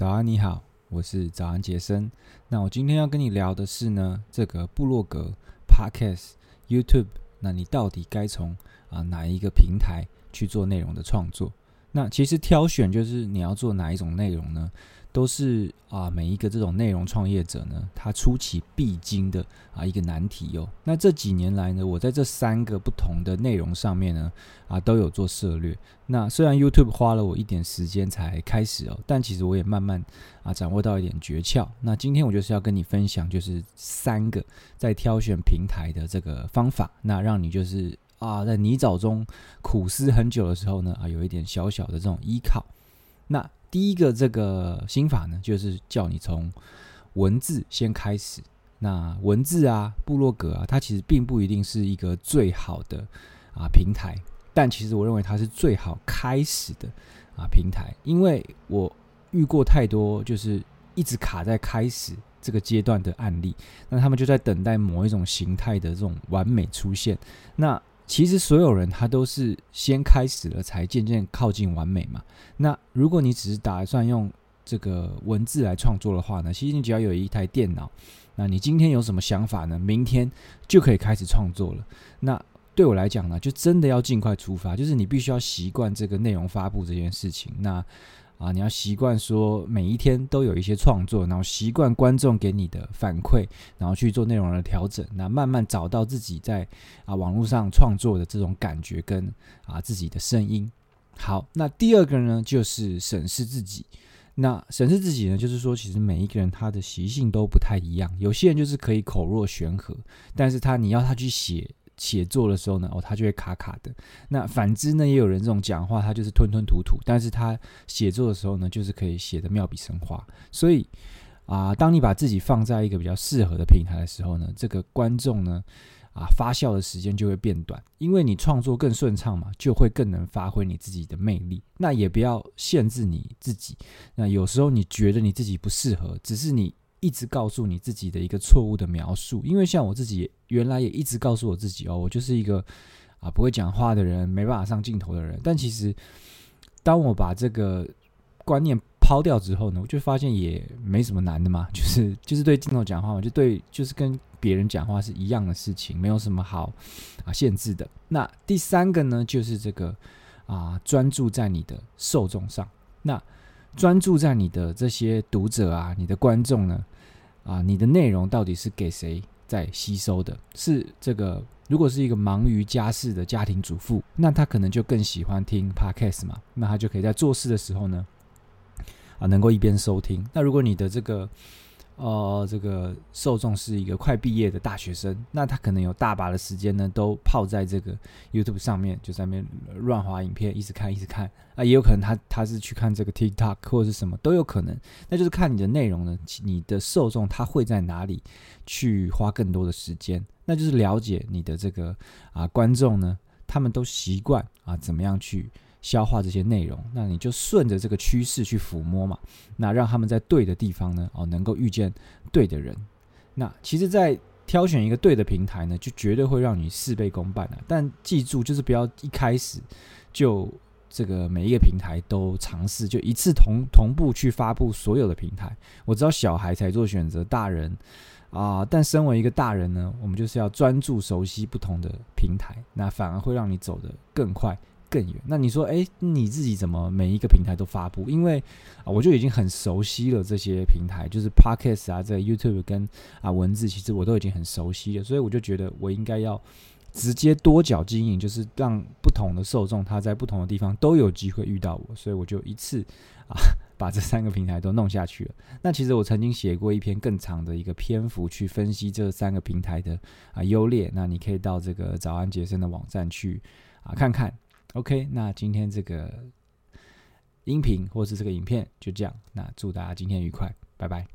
早安，你好，我是早安傑森。那我今天要跟你聊的是呢，這個部落格、Podcast、YouTube，那你到底該從啊哪一個平台去做內容的創作？那其實挑選就是你要做哪一種內容呢？都是啊，每一個這種內容創業者呢，他初期必經的啊一個難題喲、哦。那這幾年來呢，我在這三個不同的內容上面呢，啊都有做涉獵。那雖然 YouTube 花了我一點時間才開始哦，但其實我也慢慢啊掌握到一點訣竅。那今天我就是要跟你分享，就是三個在挑選平台的這個方法，那讓你就是。啊，在泥沼中苦思很久的時候呢，啊，有一點小小的這種依靠。那第一個這個心法呢，就是叫你從文字先開始。那文字啊，部落格啊，它其實並不一定是一個最好的啊平台，但其實我認為它是最好開始的啊平台，因為我遇過太多就是一直卡在開始這個階段的案例，那他們就在等待某一種形態的這種完美出現。那其實所有人他都是先開始了，才漸漸靠近完美嘛。那如果你只是打算用這個文字來創作的話呢，其實你只要有一台電腦，那你今天有什麼想法呢？明天就可以開始創作了。那對我來講呢，就真的要盡快出發，就是你必須要習慣這個內容發布這件事情。那。啊，你要習慣說，每一天都有一些創作，然後習慣觀眾給你的反饋，然後去做內容的調整，那慢慢找到自己在啊網絡上創作的這種感覺跟啊自己的聲音。好，那第二個呢，就是審視自己。那審視自己呢，就是說其實每一個人他的習性都不太一樣，有些人就是可以口若懸河，但是他你要他去寫。寫作的時候呢，哦，他就會卡卡的。那反之呢，也有人這種講話，他就是吞吞吐吐，但是他寫作的時候呢，就是可以寫得妙筆生花。所以啊，當你把自己放在一個比較適合的平台的時候呢，這個觀眾呢，啊，發酵的時間就會變短，因為你創作更順暢嘛，就會更能發揮你自己的魅力。那也不要限制你自己。那有時候你覺得你自己不適合，只是你。一直告訴你自己的一個錯誤的描述。因為像我自己原來也一直告訴我自己哦，我就是一個啊不會講話的人，沒辦法上鏡頭的人。但其實，當我把這個觀念拋掉之後呢，我就發現也沒什麼難的嘛，就是就是對鏡頭講話，我就對就是跟別人講話是一樣的事情，沒有什麼好啊限制的。那第三個呢，就是這個啊，專注在你的受眾上。那專注在你的這些讀者啊，你的觀眾呢，啊，你的內容到底是給誰在吸收的？是這個，如果是一個忙於家事的家庭主婦，那他可能就更喜歡聽 Podcast 嘛，那他就可以在做事的時候呢，啊，能夠一邊收聽。那如果你的這個。哦、呃，這個受眾是一個快畢業的大學生，那他可能有大把的時間呢，都泡在這個 YouTube 上面，就在那邊亂滑影片，一直看，一直看。啊，也有可能他他是去看這個 TikTok 或者是什麼都有可能。那就是看你的內容呢，你的受眾他會在哪裡去花更多的時間？那就是了解你的這個啊觀眾呢，他們都習慣啊怎麼樣去。消化這些內容，那你就順着這個趨勢去撫摸嘛，那讓他們在對的地方呢，哦，能夠遇見對的人。那其實，在挑選一個對的平台呢，就絕對會讓你事倍功半了啊。但記住，就是不要一開始就這個每一個平台都嘗試，就一次同同步去發佈所有的平台。我知道小孩才做選擇，大人啊，呃，但身為一個大人呢，我們就是要專注熟悉不同的平台，那反而會讓你走得更快，.更遠。那你說，誒、欸，你自己怎麼每一個平台都發布？因為、啊、我就已經很熟悉了這些平台，就是 Podcast 啊，在、這個、YouTube 跟啊文字，其實我都已經很熟悉了。所以我就覺得我應該要直接多角經營，就是讓不同的受眾，他在不同的地方都有機會遇到我。所以我就一次啊，把這三個平台都弄下去了。那其實我曾經寫過一篇更長的一個篇幅去分析這三個平台的啊優劣。那你可以到這個早安杰森的網站去啊看看。OK，那今天這個音頻或是這個影片，就這樣，那祝大家今天愉快，拜拜。